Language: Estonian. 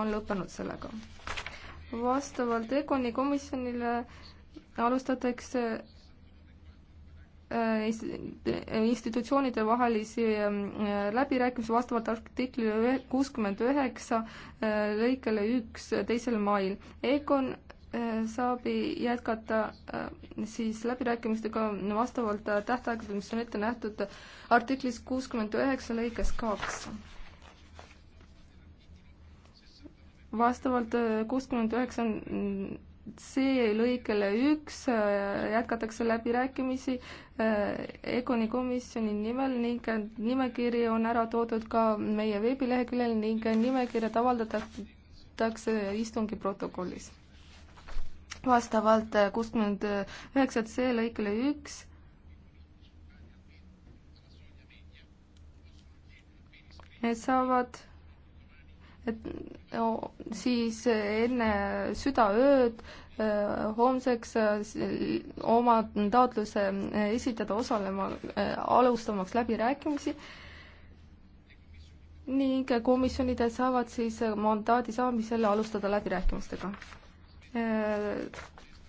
on lõppenud sellega. vastavalt EKONi komisjonile alustatakse äh, äh, institutsioonide vahelisi ähm, äh, läbirääkimisi vastavalt artiklile kuuskümmend üheksa lõikele üks teisel mail. EKON saab jätkata siis läbirääkimistega vastavalt tähtaegadele, mis on ette nähtud artiklis kuuskümmend üheksa lõikes kaks. vastavalt äh, kuuskümmend üheksa see lõikele üks äh, jätkatakse läbirääkimisi äh, EGONi komisjoni nimel ning nimekiri on ära toodud ka meie veebileheküljel ning nimekirjad avaldatakse istungi protokollis. vastavalt kuuskümmend üheksa C lõikele üks need saavad et no, siis enne südaööd äh, homseks äh, oma taotluse äh, esitada osalema, alustamaks läbirääkimisi ning komisjonid saavad siis mandaadi saamisel alustada läbirääkimistega